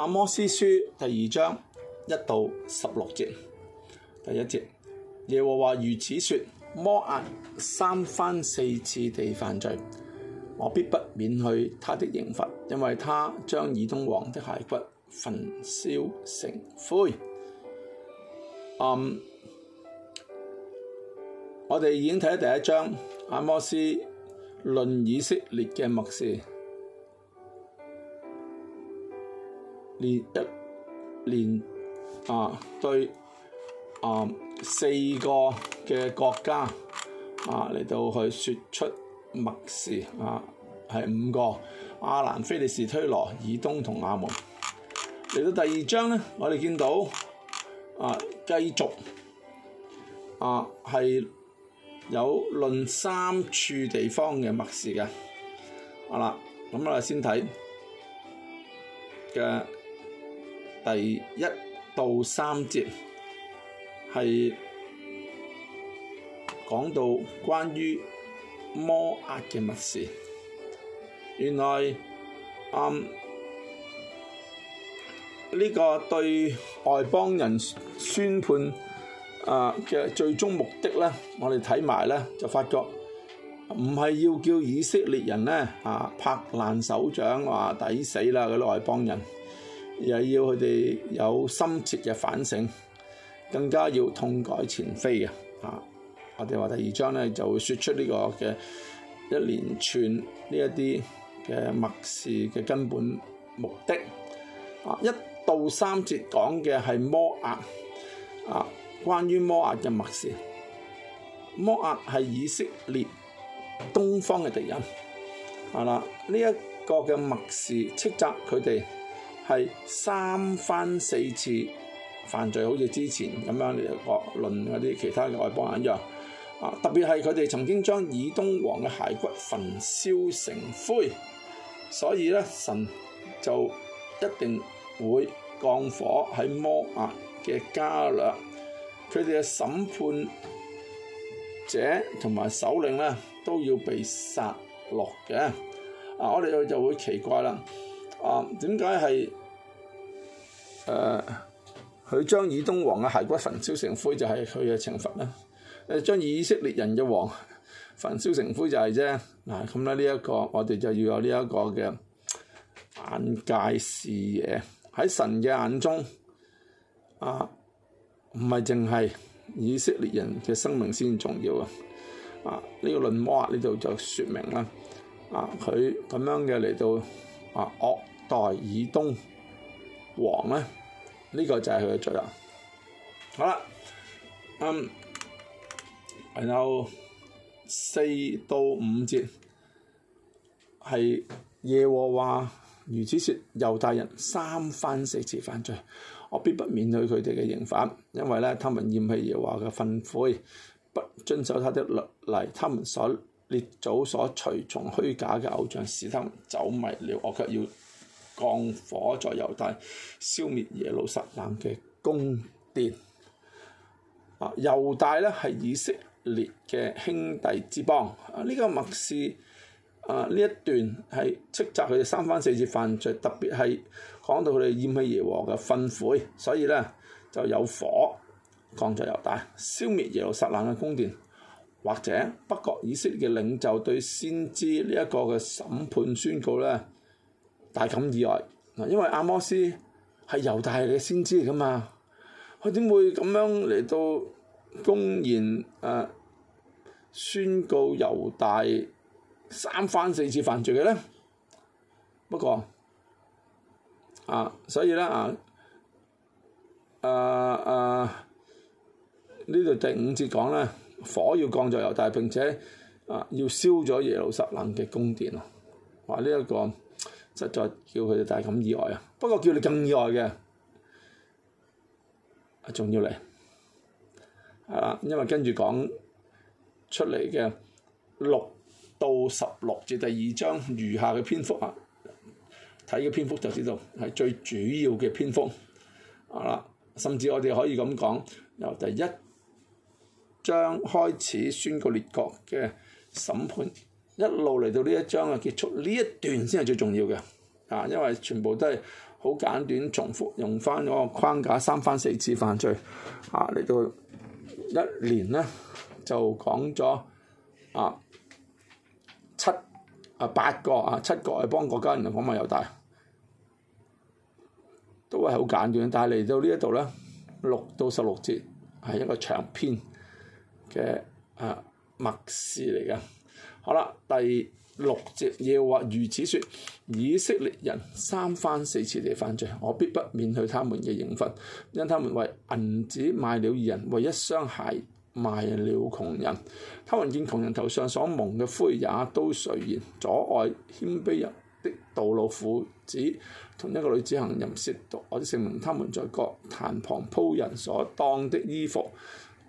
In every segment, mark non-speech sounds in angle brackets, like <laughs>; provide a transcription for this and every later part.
阿摩司書第二章一到十六節，第一節：耶和華如此說，摩押三番四次地犯罪，我必不免去他的刑罰，因為他將以東王的骸骨焚燒成灰。嗯，我哋已經睇咗第一章，阿摩司論以色列嘅默示。連一連啊，對啊，四個嘅國家啊嚟到去說出默示，啊，係五個：阿蘭、菲利士、推羅、以東同亞門。嚟到第二章咧，我哋見到啊，繼續啊係有論三處地方嘅默示嘅。好啦，咁、嗯、我哋先睇嘅。第一到三節係講到關於摩押嘅密事，原來啊呢個對外邦人宣判啊嘅最終目的咧，我哋睇埋咧就發覺唔係要叫以色列人咧啊拍爛手掌話抵死啦嗰啲外邦人。又要佢哋有深切嘅反省，更加要痛改前非嘅。啊，我哋話第二章咧就會說出呢個嘅一連串呢一啲嘅默示嘅根本目的。啊，一到三節講嘅係摩押，啊，關於摩押嘅默示。摩押係以色列東方嘅敵人。啊啦，呢、這、一個嘅默示，斥責佢哋。係三番四次犯罪，好似之前咁樣，列國論嗰啲其他嘅外邦人一樣。啊，特別係佢哋曾經將以東王嘅骸骨焚燒成灰，所以咧神就一定會降火喺摩押嘅加略。佢哋嘅審判者同埋首領咧都要被殺落嘅。啊，我哋就就會奇怪啦。啊，點解係？誒、呃，佢將以東王嘅骸骨焚燒成灰，就係佢嘅懲罰啦。誒，將以色列人嘅王焚燒成灰就係、是、啫。嗱、啊，咁啦、這個，呢一個我哋就要有呢一個嘅眼界視野。喺神嘅眼中，啊，唔係淨係以色列人嘅生命先重要啊！啊，呢、這個論摩呢度就説明啦。啊，佢咁樣嘅嚟到啊惡。代以東王咧，呢、這個就係佢嘅罪啦。好啦，嗯，然後四到五節係耶和華如此説：猶大人三番四次犯罪，我必不免許佢哋嘅刑罰，因為咧，他們厭棄耶和華嘅訓誨，不遵守他的律例，他們所列祖所隨從虛假嘅偶像，使他們走迷了，我卻要。降火在猶大，消滅耶路撒冷嘅宮殿。啊，猶大咧係以色列嘅兄弟之邦。呢、啊這個默示呢、啊、一段係斥責佢哋三番四次犯罪，特別係講到佢哋厭棄耶和華嘅憤悔，所以咧就有火降在猶大，消滅耶路撒冷嘅宮殿。或者北國以色列嘅領袖對先知呢一個嘅審判宣告咧。大感意外，嗱，因為阿摩斯係猶大嘅先知嚟噶嘛，佢點會咁樣嚟到公然誒宣告猶大三番四次犯罪嘅咧？不過啊，所以咧啊，啊啊呢度第五節講咧，火要降在猶大，並且啊要燒咗耶路撒冷嘅宮殿啊，話呢一個，實在叫佢哋大咁意外啊！不過叫你更意外嘅，仲要嚟，係啦，因為跟住講出嚟嘅六到十六至第二章餘下嘅篇幅啊，睇個篇幅就知道係最主要嘅篇幅，啊啦，甚至我哋可以咁講，由第一章開始宣告列國嘅審判。一路嚟到呢一章嘅結束呢一段先係最重要嘅啊，因為全部都係好簡短重複，用翻嗰個框架三番四次犯罪啊，嚟到一年咧就講咗啊七啊八個啊七個係幫國家人民講話，又大都係好簡短，但係嚟到呢一度咧六到十六節係一個長篇嘅啊默示嚟嘅。好啦，第六節要話如此說：以色列人三番四次地犯罪，我必不免去他們嘅刑罰，因他們為銀子賣了義人，為一雙鞋賣了窮人。他們見窮人頭上所蒙嘅灰，也都垂涎阻礙謙卑人的道路。父子同一個女子行人淫，褻瀆我的姓名，他們在各壇旁鋪人所當的衣服，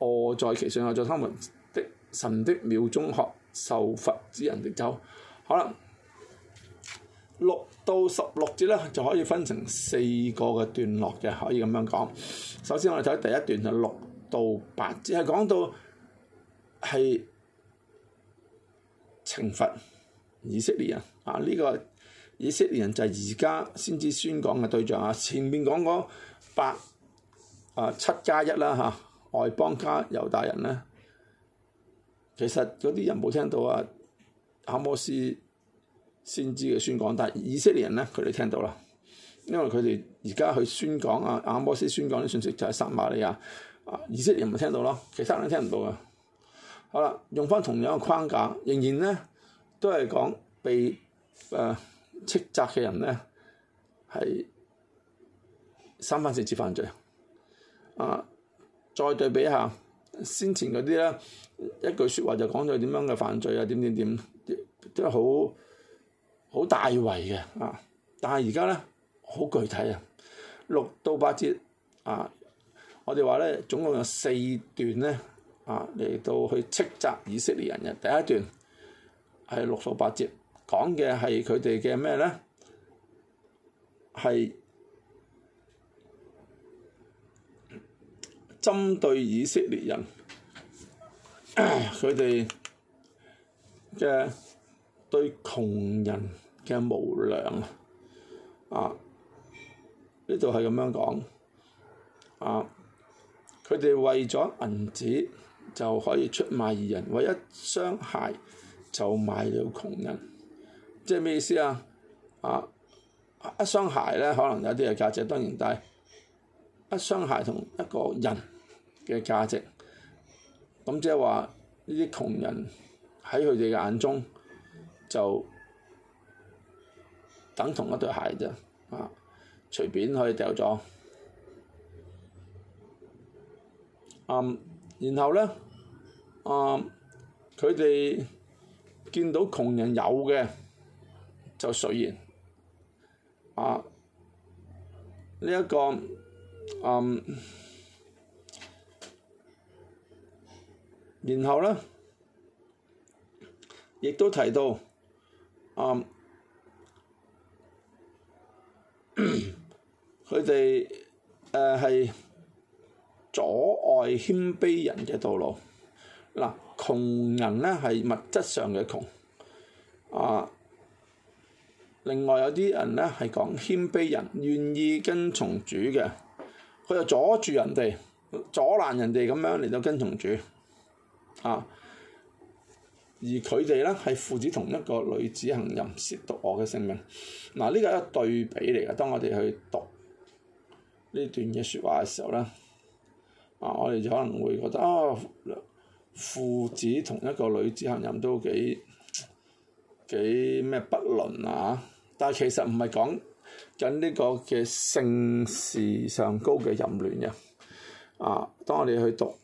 臥在其上，又在他們的神的廟中學。受罰之人的走，可能六到十六節咧，就可以分成四個嘅段落嘅，可以咁樣講。首先我哋睇第一段就六到八節，係講到係懲罰以色列人。啊，呢個以色列人就係而家先至宣講嘅對象啊。前面講過八啊七加一啦嚇，外邦加猶大人咧。其實嗰啲人冇聽到啊，阿摩斯先知嘅宣講，但係以色列人咧，佢哋聽到啦，因為佢哋而家去宣講啊，阿摩斯宣講啲信息就係撒瑪利亞，啊，以色列人咪聽到咯，其他人都聽唔到啊。好啦，用翻同樣嘅框架，仍然咧都係講被誒、呃、斥責嘅人咧係三番四次犯罪。啊，再對比一下。先前嗰啲咧，一句説話就講咗點樣嘅犯罪啊，點點點，都都好，好大圍嘅啊！但係而家咧，好具體啊，六到八節啊，我哋話咧總共有四段咧啊，嚟到去斥責以色列人嘅第一段係六到八節，講嘅係佢哋嘅咩咧，係。針對以色列人，佢哋嘅對窮人嘅無良啊！呢度係咁樣講啊！佢哋為咗銀子就可以出賣義人，為一雙鞋就賣了窮人，即係咩意思啊？啊！一雙鞋咧，可能有啲係價值當然低。一雙鞋同一個人嘅價值，咁即係話呢啲窮人喺佢哋嘅眼中就等同一對鞋啫，啊，隨便可以掉咗。啊，然後咧，啊，佢哋見到窮人有嘅就垂涎，啊，呢一個。Um, 然後呢，亦都提到，佢哋誒係阻礙謙卑人嘅道路。嗱，窮人呢係物質上嘅窮，啊，另外有啲人呢係講謙卑人願意跟從主嘅。佢又阻住人哋，阻攔人哋咁樣嚟到跟從主，啊、而佢哋呢，係父子同一個女子行淫，褻瀆我嘅聖名。嗱、啊，呢個係一對比嚟嘅，當我哋去讀呢段嘅説話嘅時候呢，啊，我哋就可能會覺得啊，父子同一個女子行淫都幾幾咩不倫啊！啊，但係其實唔係講緊呢個嘅性事上高嘅淫亂嘅，啊！當我哋去讀，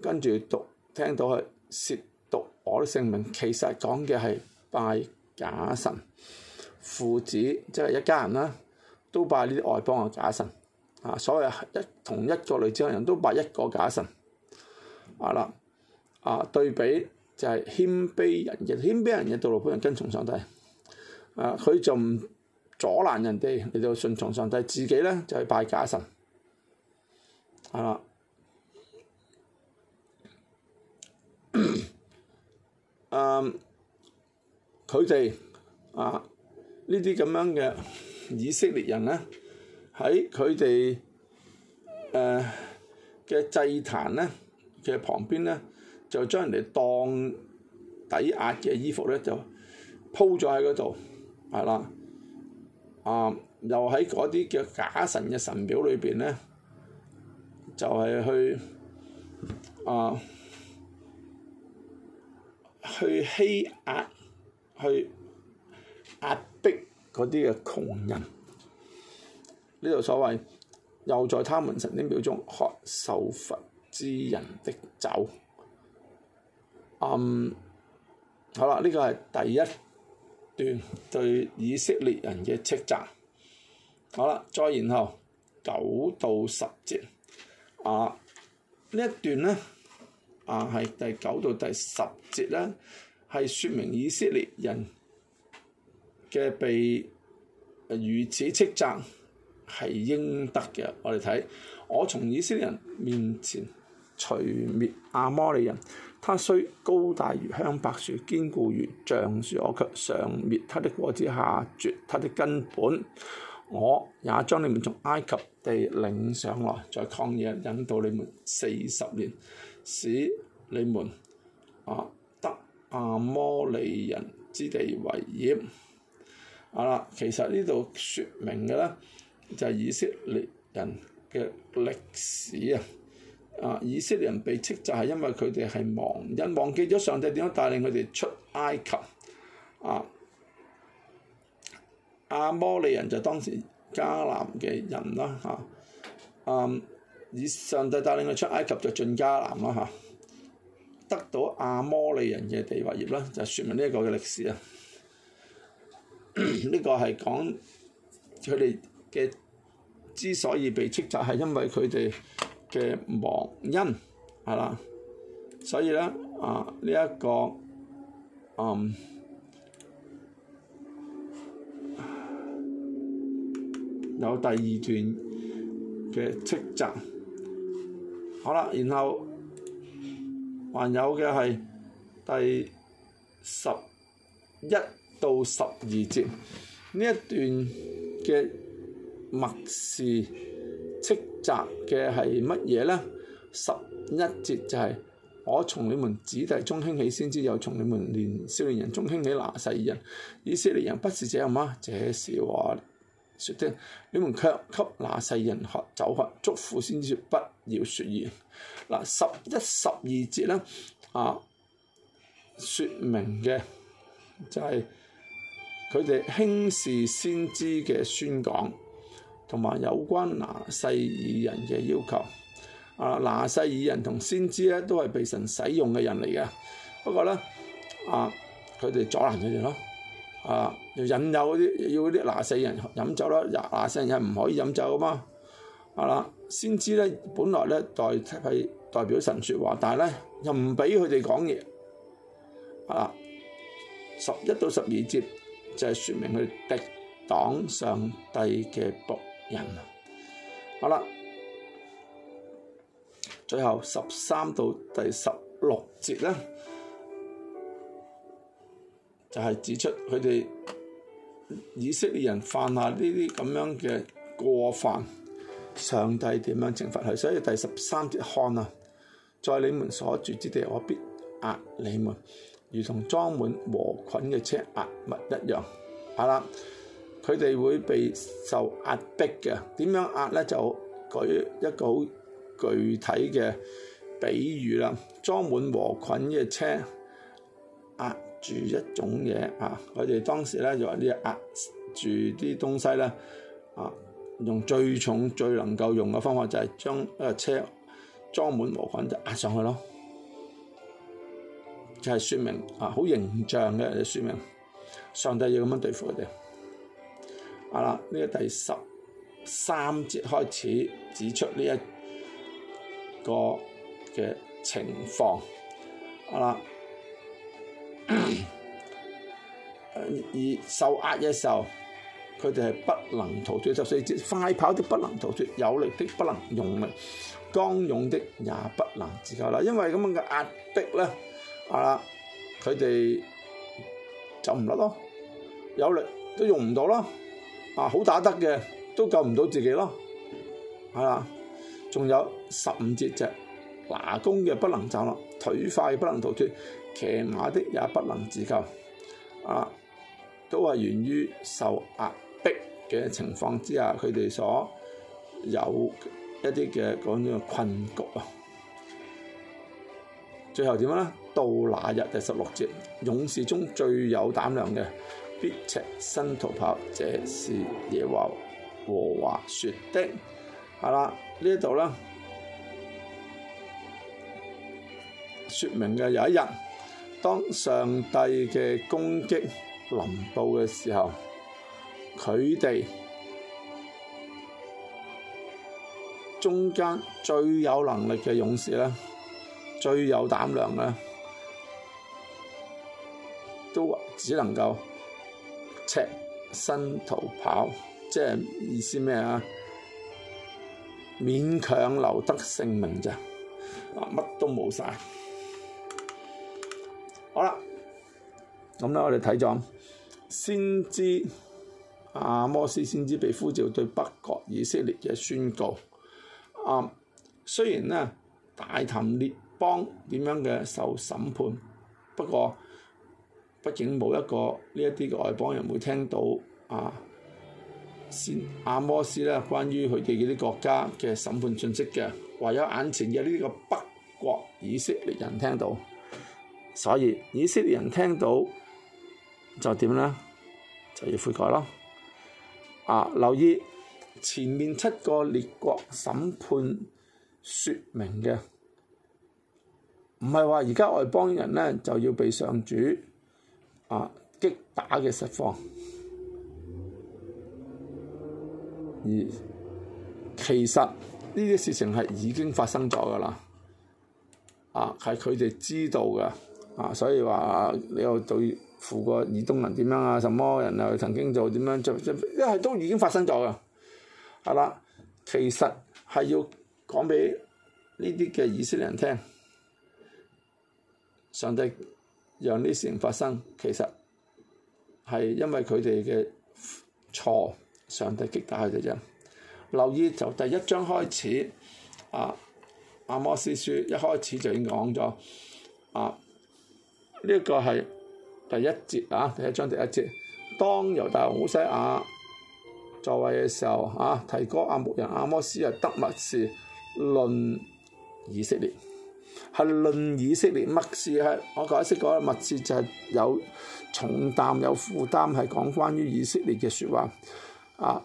跟住去讀聽到佢褻瀆我嘅姓名，其實講嘅係拜假神，父子，即係一家人啦，都拜呢啲外邦嘅假神。啊，所謂一同一個類型嘅人都拜一個假神。啊啦，啊對比就係謙卑人嘅謙卑人嘅道路，本人跟從上帝。啊，佢就唔～阻攔人哋，你就順從上帝；自己咧就去拜假神，係嘛？ <coughs> 啊，佢哋啊呢啲咁樣嘅以色列人咧，喺佢哋誒嘅祭壇咧嘅旁邊咧，就將人哋當抵押嘅衣服咧，就鋪咗喺嗰度，係啦。啊、呃！又喺嗰啲叫假神嘅神廟裏邊呢，就係、是、去啊、呃，去欺壓、去壓迫嗰啲嘅窮人。呢度所謂又在他們神的廟中喝受罰之人的酒。嗯，好啦，呢個係第一。段對以色列人嘅斥責，好啦，再然後九到十節啊，呢一段呢，啊係第九到第十節啦，係說明以色列人嘅被如此斥責係應得嘅。我哋睇，我從以色列人面前。除滅阿摩利人，他雖高大如香柏樹，堅固如橡樹，我卻上滅他的果子，下絕他的根本。我也將你們從埃及地領上來，在曠野引導你們四十年，使你們啊得阿摩利人之地為業。啊啦，其實呢度説明嘅咧，就係以色列人嘅歷史啊。啊、以色列人被斥責係因為佢哋係忘恩，忘記咗上帝點樣帶領佢哋出埃及。啊！亞摩利人就當時迦南嘅人啦，嚇、啊。嗯、啊，上帝帶領佢出埃及就進迦南啦，嚇、啊。得到阿摩利人嘅地為業啦，就説、是、明呢一個嘅歷史啊。呢、這個係講佢哋嘅之所以被斥責係因為佢哋。嘅亡恩係啦，所以咧，啊，呢一個嗯，有第二段嘅斥責。好啦，然後還有嘅係第十一到十二節呢一段嘅默示。斥責嘅係乜嘢呢？十一節就係、是、我從你們子弟中興起先知，又從你們年少年人中興起那世人。以色列人不是這樣嗎？這是話説的，你們卻給那世人喝酒喝，祝福先知説不要説言。 <laughs> 十一十二節呢，啊，説明嘅就係佢哋輕視先知嘅宣講。同埋有關拿細耳人嘅要求，啊，拿細耳人同先知咧都係被神使用嘅人嚟嘅。不過咧，啊，佢哋阻攔佢哋咯，啊，又引誘嗰啲要嗰啲拿細耳人飲酒咯，啊，拿細耳人唔可以飲酒啊嘛，啊啦，先知咧本來咧代替代表神説話，但係咧又唔俾佢哋講嘢，啊，十一到十二節就係、是、説明佢哋敵擋上帝嘅僕人啊，好啦，最後十三到第十六節咧，就係指出佢哋以色列人犯下呢啲咁樣嘅過犯，上帝點樣懲罰佢？所以第十三節看啊，在你們所住之地，我必壓你們，如同裝滿禾捆嘅車壓物一樣。好啦。佢哋會被受壓迫嘅，點樣壓咧？就舉一個好具體嘅比喻啦，裝滿禾捆嘅車壓住一種嘢啊！佢哋當時咧就話你要壓住啲東西咧，啊，用最重最能夠用嘅方法就係將一個車裝滿禾捆就壓上去咯，就係、是、説明啊，好形象嘅説、就是、明，上帝要咁樣對付佢哋。啊啦！呢個第十三節開始指出呢一個嘅情況，啊啦，而 <coughs> 受壓嘅時候，佢哋係不能逃脫十四節，快跑的不能逃脫，有力的不能用力，剛勇的也不能自救啦。因為咁樣嘅壓迫咧，啊啦，佢哋走唔甩咯，有力都用唔到咯。啊，好打得嘅都救唔到自己咯，係啊！仲有十五節啫，拿弓嘅不能站立，腿快不能逃脱，騎馬的也不能自救，啊，都係源於受壓迫嘅情況之下，佢哋所有一啲嘅嗰種困局啊！最後點啊？到那日就十六節，勇士中最有膽量嘅。必赤身逃跑，這是耶和華說的，係啦，呢度啦，説明嘅有一日，當上帝嘅攻擊臨到嘅時候，佢哋中間最有能力嘅勇士呢，最有膽量呢，都只能夠。赤身逃跑，即係意思咩啊？勉強留得性命咋，啊，乜都冇晒。好啦，咁咧我哋睇咗先知阿摩斯，先知被呼召對北國以色列嘅宣告。啊，雖然呢，大談列邦點樣嘅受審判，不過畢竟冇一個呢一啲嘅外邦人會聽到啊，先阿摩斯咧，關於佢哋嗰啲國家嘅審判訊息嘅，唯有眼前嘅呢個北國以色列人聽到，所以以色列人聽到就點咧，就要悔改咯。啊，留意前面七個列國審判説明嘅，唔係話而家外邦人咧就要被上主。啊！擊打嘅釋放，而其實呢啲事情係已經發生咗噶啦，啊係佢哋知道噶，啊所以話你又對付過以東人點樣啊？什麼人又曾經做點樣做？一係都已經發生咗噶，係啦，其實係要講俾呢啲嘅以色列人聽，上帝，讓呢啲事情發生，其實係因為佢哋嘅錯，上帝擊打嘅。人留意就第一章開始，啊，阿摩司書一開始就已經講咗，啊，呢、這個係第一節啊，第一章第一節，當猶大王烏西雅在位嘅時候啊，提哥亞牧人阿摩司啊得默示論以色列。係論以色列乜事？係我解釋過，乜事就係有重擔、有負擔，係講關於以色列嘅説話。啊，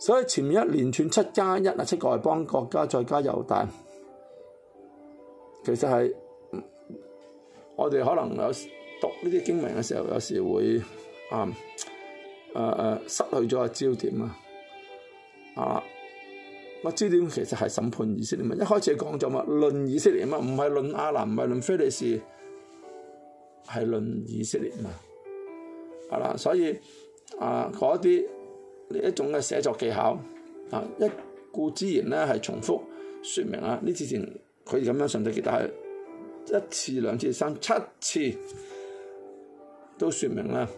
所以前面一連串七加一啊，七個外邦國家，再加猶大，但其實係我哋可能有讀呢啲經文嘅時候，有時會啊誒誒，失去咗個焦點啊。啊！我知道其實係審判以色列嘛，一開始講就嘛，論以色列嘛，唔係論亞蘭，唔係論非利士，係論以色列嘛，係啦，所以啊嗰啲一種嘅寫作技巧啊，一顧之言咧係重複説明啊，呢次前佢咁樣上帝記得係一次兩次三次七次都説明啦，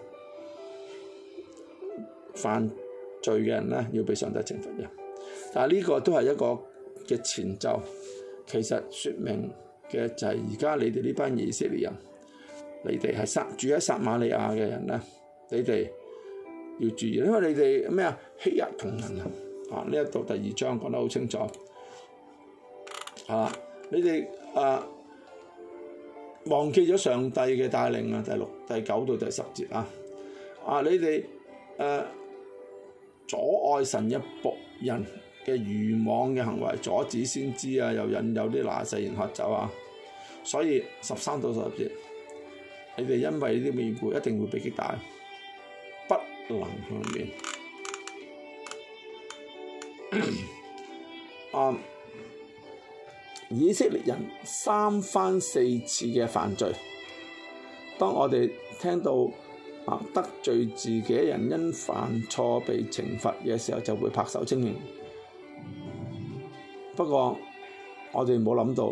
犯罪嘅人咧要被上帝懲罰嘅。但係呢個都係一個嘅前奏，其實説明嘅就係而家你哋呢班以色列人，你哋係撒住喺撒瑪利亞嘅人咧，你哋要注意，因為你哋咩啊欺壓窮人啊，啊呢一度第二章講得好清楚，係、啊、你哋誒、啊、忘記咗上帝嘅帶領啊，第六、第九到第十節啊，你啊你哋誒阻礙神嘅僕人。嘅愚妄嘅行為，阻止先知啊，又引誘啲拿世人喝酒啊，所以十三到十四節，你哋因為呢啲僞故，一定會被擊打，不能幸免。 <coughs> 啊，以色列人三番四次嘅犯罪，當我哋聽到啊得罪自己人因犯錯被懲罰嘅時候，就會拍手稱慶。不過，我哋冇諗到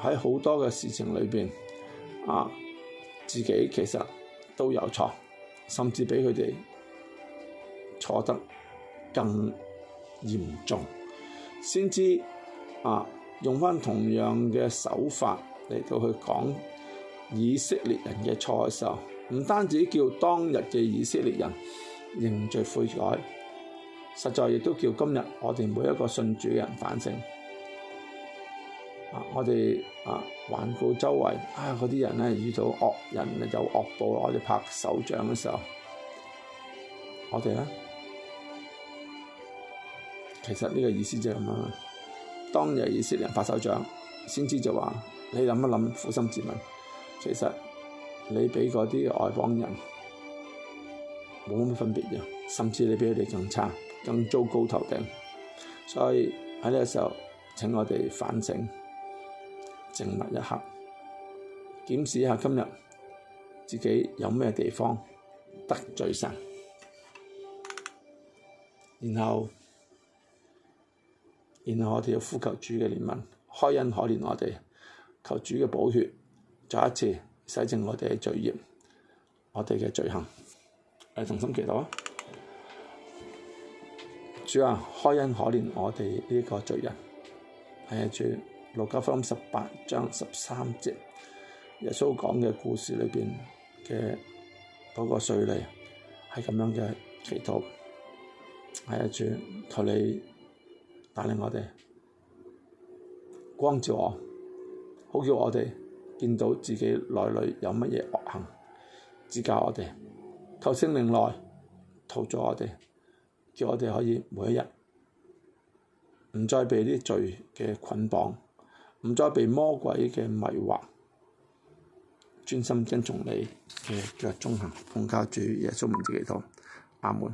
喺好多嘅事情裏邊，啊，自己其實都有錯，甚至比佢哋錯得更嚴重，先知啊，用返同樣嘅手法嚟到去講以色列人嘅錯嘅時候，唔單止叫當日嘅以色列人認罪悔改。實在亦都叫今日我哋每一個信主嘅人反省，啊、我哋啊環顧周圍，啊嗰啲、啊、人咧遇到惡人就有惡報，我哋拍手掌嘅時候，我哋呢，其實呢個意思就係咁啦。當日以色列人拍手掌，先知就話：你諗一諗，苦心自問，其實你比嗰啲外邦人冇乜分別嘅，甚至你比佢哋更差。更糟糕，頭頂。所以喺呢個時候，請我哋反省、靜默一刻，檢視一下今日自己有咩地方得罪神。然後，然後我哋要呼求主嘅憐憫，開恩可憐我哋，求主嘅寶血再一次洗淨我哋嘅罪孽、我哋嘅罪行。你同心祈禱啊！主啊，開恩可憐我哋呢個罪人。係啊，主，路加福音十八章十三節，耶穌講嘅故事裏邊嘅嗰個稅吏，係咁樣嘅祈禱。係啊，主，求你帶領我哋，光照我，好叫我哋見到自己內裏有乜嘢惡行，指教我哋，求聖靈來，陶造我哋。叫我哋可以每一日唔再被啲罪嘅捆綁，唔再被魔鬼嘅迷惑，專心跟從你嘅腳蹤行，奉教主耶穌，名之祈禱，阿門。